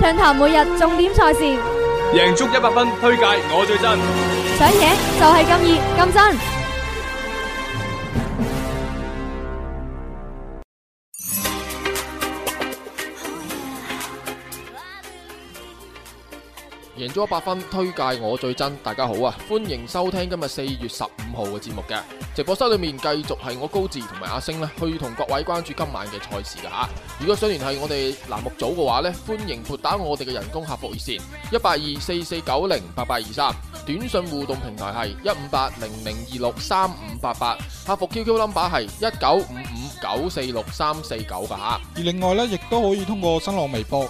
暢談每日重點賽事，贏足一百分，推介我最真，想贏就係咁易咁真。贏足一百分，推介我最真。大家好啊，歡迎收聽今日四月十五號嘅節目嘅直播室裏面，繼續係我高志同埋阿星咧，去同各位關注今晚嘅賽事噶吓。如果想聯繫我哋欄目組嘅話呢，歡迎撥打我哋嘅人工客服熱線一八二四四九零八八二三，823，短信互動平台係一五八零零二六三五八八，客服 QQ number 係一九五五九四六三四九噶吓。而另外呢，亦都可以通過新浪微博。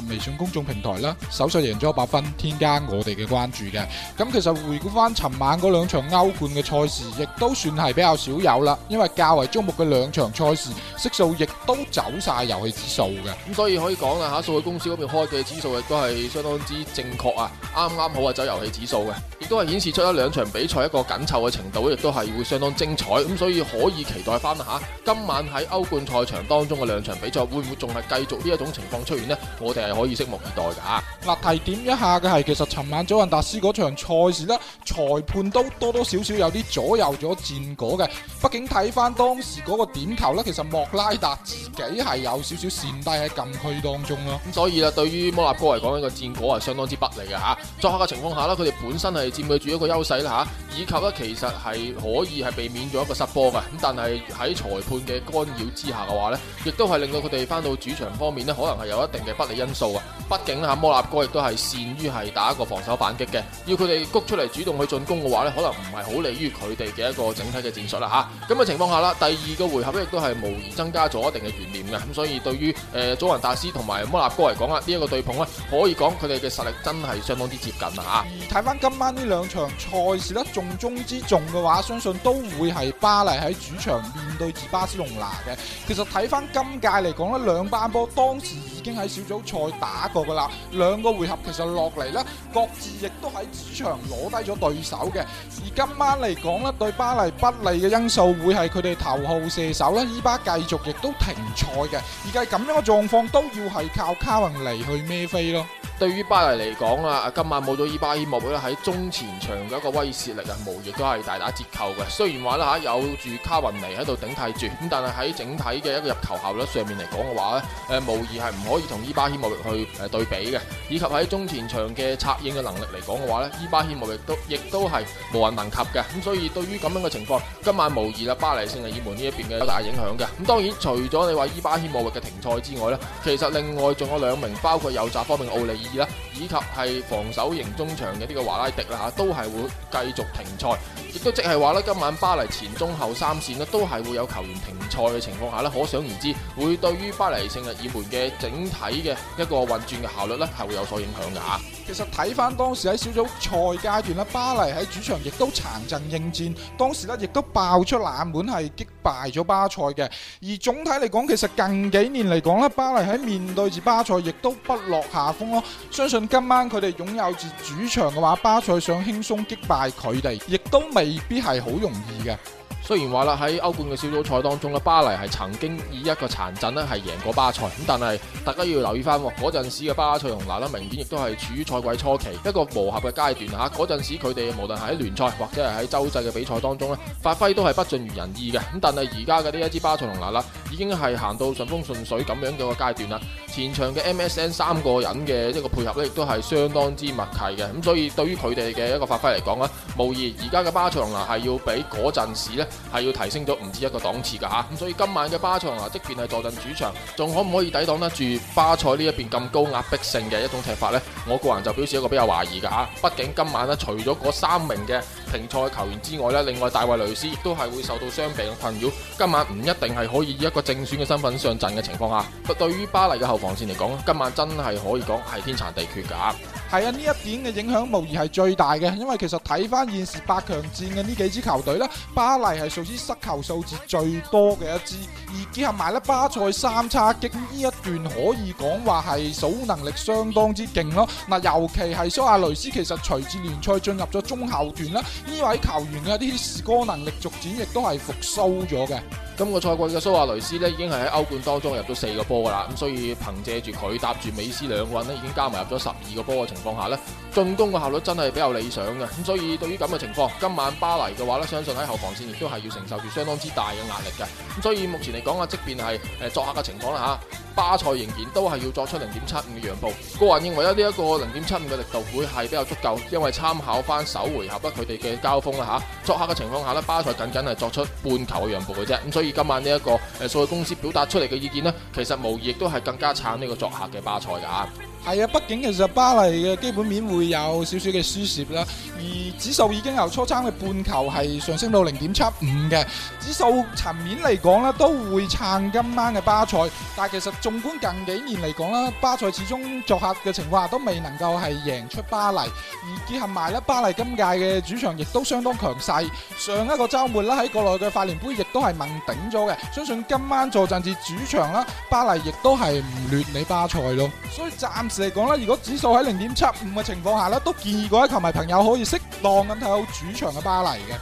及微信公眾平台啦，搜索贏足 100FUN，添加我哋嘅關注嘅。咁其實回顧翻尋晚嗰兩場歐冠嘅賽事，亦都算係比較少有啦。因為較為矚目嘅兩場賽事，色數亦都走晒遊戲指數嘅。咁、嗯、所以可以講啦，吓，數據公司嗰邊開嘅指數亦都係相當之正確啊，啱啱好啊，走遊戲指數嘅，亦都係顯示出一兩場比賽一個緊湊嘅程度，亦都係會相當精彩。咁、嗯、所以可以期待翻啦，吓，今晚喺歐冠賽場當中嘅兩場比賽，會唔會仲係繼續呢一種情況出現呢？我哋係可以拭目以待噶嚇、啊。嗱、啊，提點一下嘅係，其實尋晚祖雲達斯嗰場賽事呢，裁判都多多少少有啲左右咗戰果嘅。畢竟睇翻當時嗰個點球呢，其實莫拉達自己係有少少跣低喺禁區當中咯、啊。咁、嗯、所以啦，對於摩納哥嚟講，呢、這個戰果係相當之不利嘅吓、啊。作客嘅情況下呢，佢哋本身係佔據住一個優勢啦吓，以及呢，其實係可以係避免咗一個失波嘅。咁但係喺裁判嘅干擾之下嘅話呢，亦都係令到佢哋翻到主場方面呢，可能係有一定嘅不利因。數啊，畢竟咧摩納哥亦都係善於係打一個防守反擊嘅，要佢哋谷出嚟主動去進攻嘅話呢，可能唔係好利於佢哋嘅一個整體嘅戰術啦吓。咁嘅情況下啦，第二個回合亦都係無疑增加咗一定嘅懸念嘅。咁所以對於誒祖雲達斯同埋摩納哥嚟講啊，呢一個對碰咧，可以講佢哋嘅實力真係相當之接近啦吓。而睇翻今晚呢兩場賽事呢，重中之重嘅話，相信都會係巴黎喺主場面對住巴塞隆拿嘅。其實睇翻今屆嚟講呢，兩班波當時已經喺小組賽再打過噶啦，兩個回合其實落嚟咧，各自亦都喺主場攞低咗對手嘅。而今晚嚟講呢，對巴黎不利嘅因素會係佢哋頭號射手呢，伊巴繼續亦都停賽嘅。而家咁樣嘅狀況都要係靠卡文尼去孭飛咯。對於巴黎嚟講啊，今晚冇咗伊巴謙莫域喺中前場嘅一個威脅力啊，無疑都係大打折扣嘅。雖然話咧嚇，有住卡雲尼喺度頂替住，咁但係喺整體嘅一個入球效率上面嚟講嘅話咧，誒無疑係唔可以同伊巴謙莫域去誒對比嘅。以及喺中前場嘅策應嘅能力嚟講嘅話咧，伊巴謙莫域都亦都係無人能及嘅。咁所以對於咁樣嘅情況，今晚無疑啦，巴黎勝利門呢一邊嘅有大影響嘅。咁當然除咗你話伊巴謙莫域嘅停賽之外咧，其實另外仲有兩名包括右閘方面奧利。以及係防守型中場嘅呢個華拉迪啦嚇，都係會繼續停賽，亦都即係話咧，今晚巴黎前中後三線咧都係會有球員停賽嘅情況下咧，可想而知會對於巴黎聖日耳門嘅整體嘅一個運轉嘅效率咧係會有所影響嘅嚇。其實睇返當時喺小組賽階段咧，巴黎喺主場亦都殘陣應戰，當時咧亦都爆出冷門係擊敗咗巴塞嘅。而總體嚟講，其實近幾年嚟講咧，巴黎喺面對住巴塞亦都不落下風咯。相信今晚佢哋擁有住主場嘅話，巴塞想輕鬆擊敗佢哋，亦都未必係好容易嘅。雖然話啦，喺歐冠嘅小組賽當中咧，巴黎係曾經以一個殘陣咧係贏過巴塞，咁但係大家要留意翻喎，嗰陣時嘅巴塞隆拿啦，明顯亦都係處於賽季初期一個磨合嘅階段嚇，嗰陣時佢哋無論係喺聯賽或者係喺洲際嘅比賽當中咧，發揮都係不盡如人意嘅。咁但係而家嘅呢一支巴塞隆拿啦已經係行到順風順水咁樣嘅一個階段啦。前場嘅 MSN 三個人嘅一個配合咧，亦都係相當之默契嘅。咁所以對於佢哋嘅一個發揮嚟講咧，無疑而家嘅巴塞隆拿拿係要比嗰陣時咧。係要提升咗唔止一個檔次噶吓、啊，咁所以今晚嘅巴塞啊，即便係坐陣主場，仲可唔可以抵擋得住巴塞呢一邊咁高壓迫性嘅一種踢法呢？我個人就表示一個比較懷疑噶吓、啊。畢竟今晚呢，除咗嗰三名嘅停賽球員之外呢，另外大衛·雷斯亦都係會受到傷病嘅困擾，今晚唔一定係可以以一個正選嘅身份上陣嘅情況下、啊，對於巴黎嘅後防線嚟講，今晚真係可以講係天殘地缺噶、啊。係啊，呢一點嘅影響無疑係最大嘅，因為其實睇翻現時八強戰嘅呢幾支球隊呢，巴黎係屬於失球數字最多嘅一支，而結合埋咧巴塞三叉戟呢一段，可以講話係守能力相當之勁咯。嗱，尤其係蘇亞雷斯，其實隨住聯賽進入咗中後段啦，呢位球員嘅呢啲視覺能力逐漸亦都係復甦咗嘅。今個賽季嘅蘇亞雷斯咧，已經係喺歐冠當中入咗四個波噶啦，咁所以憑借住佢搭住美斯兩個人咧，已經加埋入咗十二個波嘅情況下咧。進攻嘅效率真係比較理想嘅，咁所以對於咁嘅情況，今晚巴黎嘅話呢，相信喺後防線亦都係要承受住相當之大嘅壓力嘅。咁所以目前嚟講啊，即便係誒、呃、作客嘅情況啦吓，巴塞仍然都係要作出零點七五嘅讓步。個人認為呢一個零點七五嘅力度會係比較足夠，因為參考翻首回合咧佢哋嘅交鋒啦吓，作客嘅情況下呢，巴塞僅僅係作出半球嘅讓步嘅啫。咁所以今晚呢、這、一個誒，數、呃、據公司表達出嚟嘅意見呢，其實無疑亦都係更加撐呢個作客嘅巴塞㗎。係啊，畢竟其實巴黎嘅基本面會有少少嘅輸蝕啦，而指數已經由初撐嘅半球係上升到零點七五嘅指數層面嚟講呢，都會撐今晚嘅巴賽。但係其實縱觀近幾年嚟講呢，巴賽始終作客嘅情況下都未能夠係贏出巴黎。而結合埋呢，巴黎今屆嘅主場亦都相當強勢，上一個周末呢，喺國內嘅法聯盃亦都係問頂咗嘅，相信今晚坐鎮至主場啦，巴黎亦都係唔劣你巴賽咯。所以暫。嚟講咧，如果指數喺零點七五嘅情況下咧，都建議各位球迷朋友可以適當咁睇好主場嘅巴黎嘅。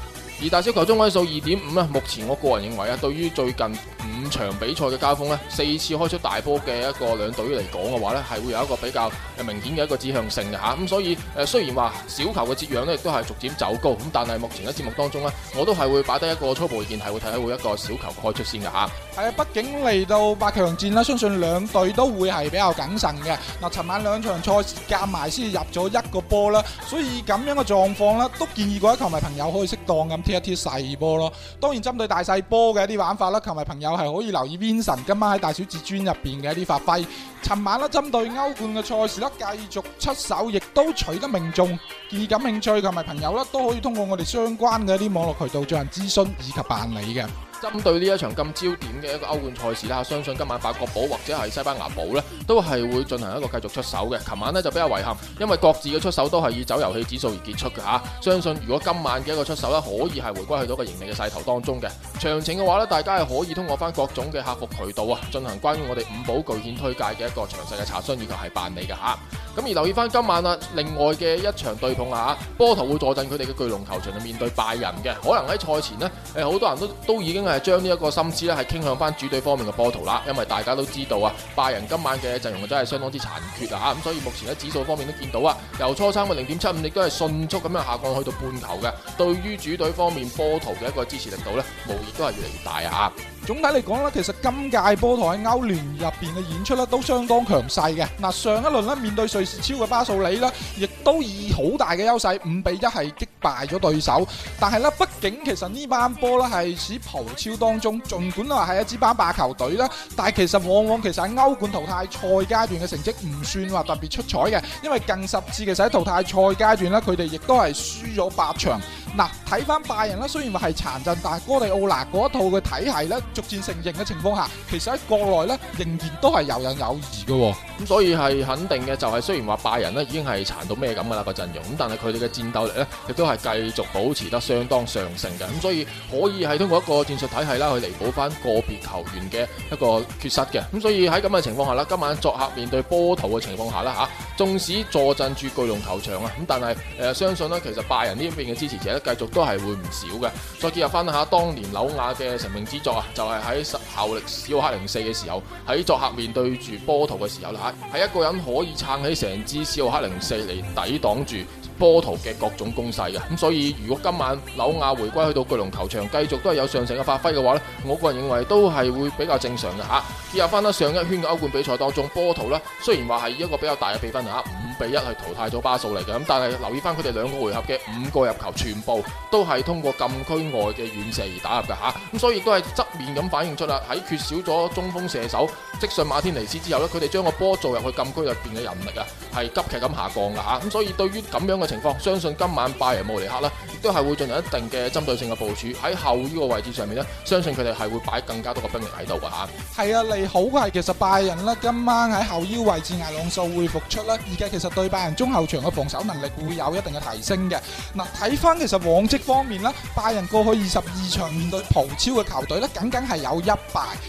而大小球中位數二點五啊，目前我個人認為啊，對於最近。五場比賽嘅交鋒呢，四次開出大波嘅一個兩隊嚟講嘅話呢，係會有一個比較明顯嘅一個指向性嘅嚇。咁、嗯、所以誒，雖然話小球嘅折讓呢，亦都係逐漸走高，咁但係目前嘅節目當中呢，我都係會擺低一個初步意見，係會睇下會一個小球開出先嘅嚇。誒、哎，畢竟嚟到八強戰啦，相信兩隊都會係比較謹慎嘅。嗱，尋晚兩場賽事夾埋先入咗一個波啦，所以咁樣嘅狀況呢，都建議各位球迷朋友可以適當咁踢一踢細波咯。當然，針對大細波嘅一啲玩法啦，球迷朋友。係可以留意 Vincent 今晚喺大小至尊入邊嘅一啲發揮，尋晚咧，針對歐冠嘅賽事咧繼續出手，亦都取得命中。建議感興趣同埋朋友咧都可以通過我哋相關嘅一啲網絡渠道進行諮詢以及辦理嘅。針對呢一場咁焦點嘅一個歐冠賽事啦，相信今晚法國寶或者係西班牙寶都係會進行一個繼續出手嘅。琴晚呢就比較遺憾，因為各自嘅出手都係以走遊戲指數而結束嘅。啊、相信如果今晚嘅一個出手呢可以係回歸去到個盈利嘅勢頭當中嘅。詳情嘅話呢，大家係可以通過翻各種嘅客服渠道啊，進行關於我哋五寶巨獻推介嘅一個詳細嘅查詢以及係辦理嘅咁。啊、而留意翻今晚啊，另外嘅一場對碰啊，波圖會坐鎮佢哋嘅巨龍球場去面對拜仁嘅，可能喺賽前呢，好多人都都已經。係將呢一個心思咧，係傾向翻主隊方面嘅波圖啦，因為大家都知道啊，拜仁今晚嘅陣容真係相當之殘缺啊。吓，咁所以目前喺指數方面都見到啊，由初三嘅零點七五亦都係迅速咁樣下降去到半球嘅，對於主隊方面波圖嘅一個支持力度咧，無疑都係越嚟越大啊。總體嚟講咧，其實今屆波台喺歐聯入邊嘅演出咧，都相當強勢嘅。嗱，上一輪咧面對瑞士超嘅巴素里呢亦都以好大嘅優勢五比一係擊敗咗對手。但係呢，畢竟其實呢班波呢係喺葡超當中，盡管話係一支班霸球隊啦，但係其實往往其實喺歐冠淘汰賽階段嘅成績唔算話特別出彩嘅，因為近十次其實喺淘汰賽階段呢，佢哋亦都係輸咗八場。嗱，睇翻拜仁啦，雖然話係殘陣，但係哥利奧拿嗰一套嘅體系咧，逐漸成型嘅情況下，其實喺國內咧仍然都係游刃有餘嘅。咁、嗯、所以係肯定嘅，就係雖然話拜仁咧已經係殘到咩咁噶啦個陣容，咁但係佢哋嘅戰鬥力咧亦都係繼續保持得相當上乘嘅。咁所以可以係通過一個戰術體系啦去彌補翻個別球員嘅一個缺失嘅。咁所以喺咁嘅情況下啦，今晚作客面對波圖嘅情況下啦吓，縱使坐鎮住巨龍球場啊，咁但係誒、呃、相信咧，其實拜仁呢邊嘅支持者繼續都係會唔少嘅，再結合翻下當年紐亞嘅成名之作啊，就係、是、喺效力小克零四嘅時候，喺作客面對住波圖嘅時候啦，吓係一個人可以撐起成支小克零四嚟抵擋住。波圖嘅各種攻勢嘅，咁、嗯、所以如果今晚紐亞回歸去到巨龍球場，繼續都係有上乘嘅發揮嘅話咧，我個人認為都係會比較正常嘅嚇。結合翻咧上一圈嘅歐冠比賽當中，波圖咧雖然話係一個比較大嘅比分嚇，五比一去淘汰咗巴素嚟嘅，咁但係留意翻佢哋兩個回合嘅五個入球，全部都係通過禁區外嘅遠射而打入嘅嚇，咁、啊嗯、所以都係側面咁反映出啦，喺缺少咗中鋒射手，即係馬天尼斯之後咧，佢哋將個波做入去禁區入邊嘅人力是啊，係急劇咁下降嘅嚇，咁所以對於咁樣嘅。情況相信今晚拜仁慕尼克啦，亦都係會進行一定嘅針對性嘅部署，喺後腰嘅位置上面咧，相信佢哋係會擺更加多個兵力喺度嘅吓。係啊，利好係其實拜仁啦，今晚喺後腰位置阿朗素會復出啦，而家其實對拜仁中後場嘅防守能力會有一定嘅提升嘅。嗱，睇翻其實往績方面啦，拜仁過去二十二場面對葡超嘅球隊呢，僅僅係有一敗。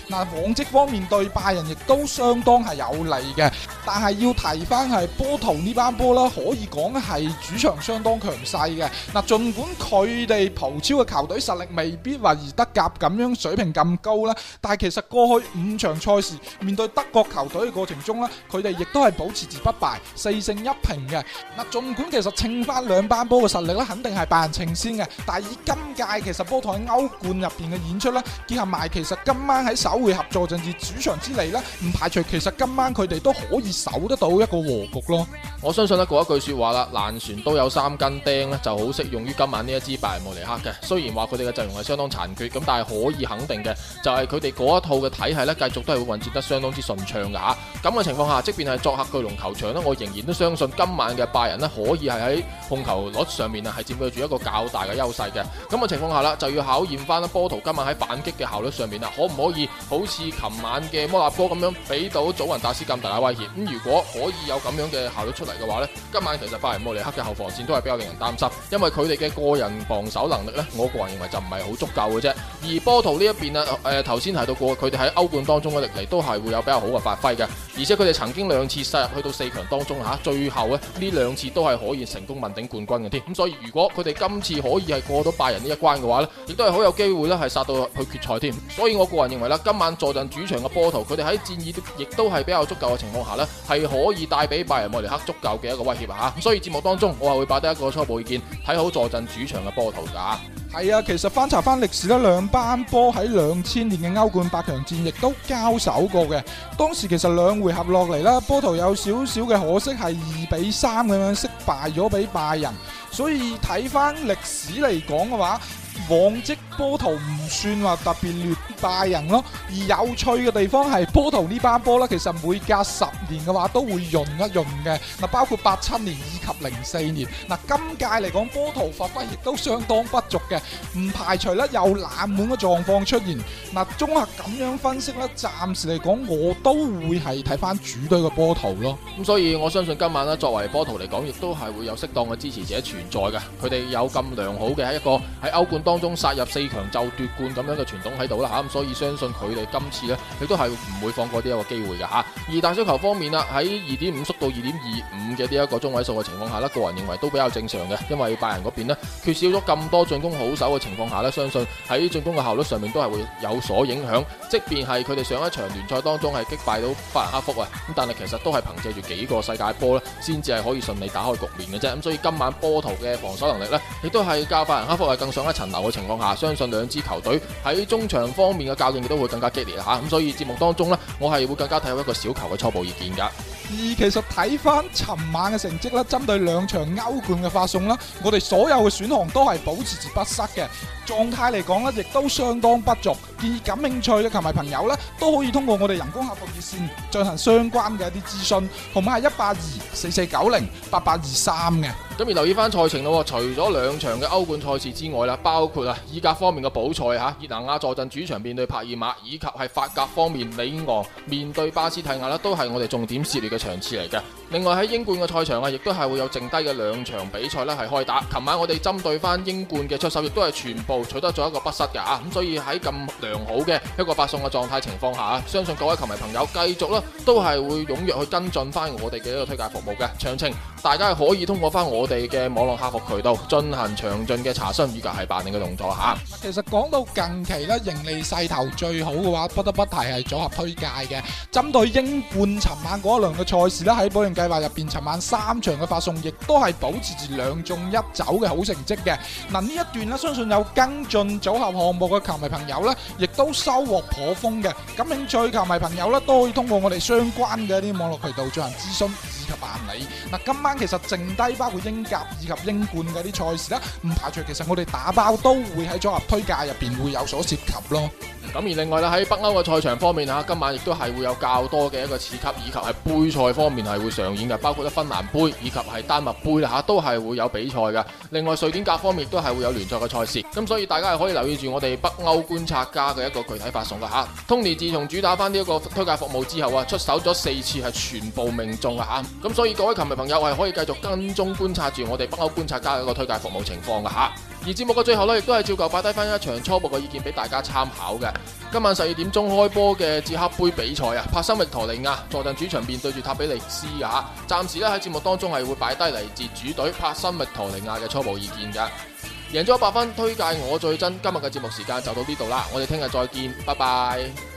嗱，往績方面對拜仁亦都相當係有利嘅。但係要提翻係波圖呢班波啦，可以講係主場相當強勢嘅。嗱，盡管佢哋葡超嘅球隊實力未必話而德甲咁樣水平咁高啦，但係其實過去五場賽事面對德國球隊嘅過程中啦，佢哋亦都係保持住不敗四勝一平嘅。嗱，盡管其實稱翻兩班波嘅實力咧，肯定係拜仁稱先嘅。但係以今屆其實波圖喺歐冠入邊嘅演出啦，結合埋其實今晚喺首回合作戰至主場之利啦，唔排除其實今晚佢哋都可以。守得到一個和局咯！我相信呢，嗰一句說話啦，爛船都有三根釘咧，就好適用於今晚呢一支拜仁慕尼黑嘅。雖然話佢哋嘅陣容係相當殘缺，咁但係可以肯定嘅，就係佢哋嗰一套嘅體系呢，繼續都係會運轉得相當之順暢噶吓。咁嘅情況下，即便係作客巨龍球場咧，我仍然都相信今晚嘅拜仁呢，可以係喺控球率上面啊，係佔據住一個較大嘅優勢嘅。咁嘅情況下啦，就要考驗翻波圖今晚喺反擊嘅效率上面啊，可唔可以好似琴晚嘅摩納哥咁樣，俾到祖雲達斯咁大嘅威脅？如果可以有咁樣嘅效率出嚟嘅話呢，今晚其實拜仁慕尼黑嘅後防線都係比較令人擔心，因為佢哋嘅個人防守能力呢，我個人認為就唔係好足夠嘅啫。而波圖呢一邊呢，誒、呃，頭先提到過，佢哋喺歐冠當中嘅歷嚟都係會有比較好嘅發揮嘅，而且佢哋曾經兩次殺入去到四強當中吓、啊，最後咧呢兩次都係可以成功問鼎冠軍嘅添。咁所以如果佢哋今次可以係過到拜仁呢一關嘅話呢，亦都係好有機會呢，係殺到去決賽添。所以我個人認為啦，今晚坐陣主場嘅波圖，佢哋喺戰意亦都係比較足夠嘅情況下呢，係可以帶俾拜仁慕尼黑足夠嘅一個威脅吓。咁、啊、所以節目當中我係會擺低一個初步意見，睇好坐陣主場嘅波圖咋。啊係啊，其實翻查翻歷史啦。兩班波喺兩千年嘅歐冠八強戰亦都交手過嘅。當時其實兩回合落嚟啦，波圖有少少嘅可惜係二比三咁樣惜敗咗俾拜仁。所以睇翻歷史嚟講嘅話。往績波圖唔算話特別劣敗人咯，而有趣嘅地方係波圖呢班波啦，其實每隔十年嘅話都會用一用嘅嗱，包括八七年以及零四年嗱，今屆嚟講波圖發揮亦都相當不俗嘅，唔排除咧有冷門嘅狀況出現嗱，綜合咁樣分析咧，暫時嚟講我都會係睇翻主隊嘅波圖咯，咁所以我相信今晚啦，作為波圖嚟講，亦都係會有適當嘅支持者存在嘅，佢哋有咁良好嘅一個喺歐冠當中殺入四強就奪冠咁樣嘅傳統喺度啦吓，咁所以相信佢哋今次呢，亦都係唔會放過呢一個機會嘅吓。而大小球方面啦喺二點五縮到二點二五嘅呢一個中位數嘅情況下呢個人認為都比較正常嘅。因為拜仁嗰邊呢，缺少咗咁多進攻好手嘅情況下呢相信喺進攻嘅效率上面都係會有所影響。即便係佢哋上一場聯賽當中係擊敗到法蘭克福啊，咁但係其實都係憑借住幾個世界波咧，先至係可以順利打開局面嘅啫。咁所以今晚波圖嘅防守能力呢，亦都係較法蘭克福係更上一層。嗱嘅情況下，相信兩支球隊喺中場方面嘅較勁，亦都會更加激烈嚇。咁所以節目當中呢，我係會更加睇好一個小球嘅初步意見㗎。而其實睇翻尋晚嘅成績咧，針對兩場歐冠嘅發送啦，我哋所有嘅選項都係保持住不失嘅狀態嚟講咧，亦都相當不俗。建議感興趣嘅球迷朋友咧，都可以通過我哋人工客服熱線進行相關嘅一啲諮詢，號碼係一八二四四九零八八二三嘅。咁而留意翻賽情咯，除咗兩場嘅歐冠賽事之外啦，包括啊意甲方面嘅補賽嚇，熱拿亞坐鎮主場面對帕爾馬，以及係法甲方面，里昂面對巴斯蒂亞啦，都係我哋重點涉獵嘅，場次嚟嘅，另外喺英冠嘅賽場啊，亦都係會有剩低嘅兩場比賽咧係開打。琴晚我哋針對翻英冠嘅出手，亦都係全部取得咗一個不失嘅啊，咁所以喺咁良好嘅一個發送嘅狀態情況下啊，相信各位球迷朋友繼續啦，都係會踊躍去跟進翻我哋嘅一個推介服務嘅。長青，大家係可以通過翻我哋嘅網絡客服渠道進行詳盡嘅查詢以及係辦理嘅動作嚇。其實講到近期咧盈利勢頭最好嘅話，不得不提係組合推介嘅。針對英冠尋晚嗰一輪嘅賽事咧，喺保贏計劃入邊，尋晚三場嘅發送亦都係保持住兩中一走嘅好成績嘅。嗱呢一段咧，相信有跟進組合項目嘅球迷朋友咧，亦都收穫頗豐嘅。感興趣球迷朋友咧，都可以通過我哋相關嘅一啲網絡渠道進行諮詢以及辦理。嗱，今晚。其實剩低包括英甲以及英冠嗰啲賽事啦，唔排除其實我哋打包都會喺組合推介入邊會有所涉及咯。咁而另外咧喺北歐嘅賽場方面吓，今晚亦都係會有較多嘅一個次級以及係杯賽方面係會上演嘅，包括得芬蘭杯以及係丹麥杯吓，都係會有比賽嘅。另外瑞典甲方面亦都係會有聯賽嘅賽事，咁所以大家係可以留意住我哋北歐觀察家嘅一個具體發送嘅吓。Tony 自從主打翻呢一個推介服務之後啊，出手咗四次係全部命中嘅吓。咁所以各位球迷朋友係可以繼續跟蹤觀察住我哋北歐觀察家嘅一個推介服務情況嘅吓。而節目嘅最後咧，亦都係照舊擺低翻一場初步嘅意見俾大家參考嘅。今晚十二點鐘開波嘅捷克杯比賽啊，帕森密陀尼亞坐陣主場面對住塔比利斯啊，暫時咧喺節目當中係會擺低嚟自主隊帕森密陀尼亞嘅初步意見嘅。贏咗八分，推介我最真。今日嘅節目時間就到呢度啦，我哋聽日再見，拜拜。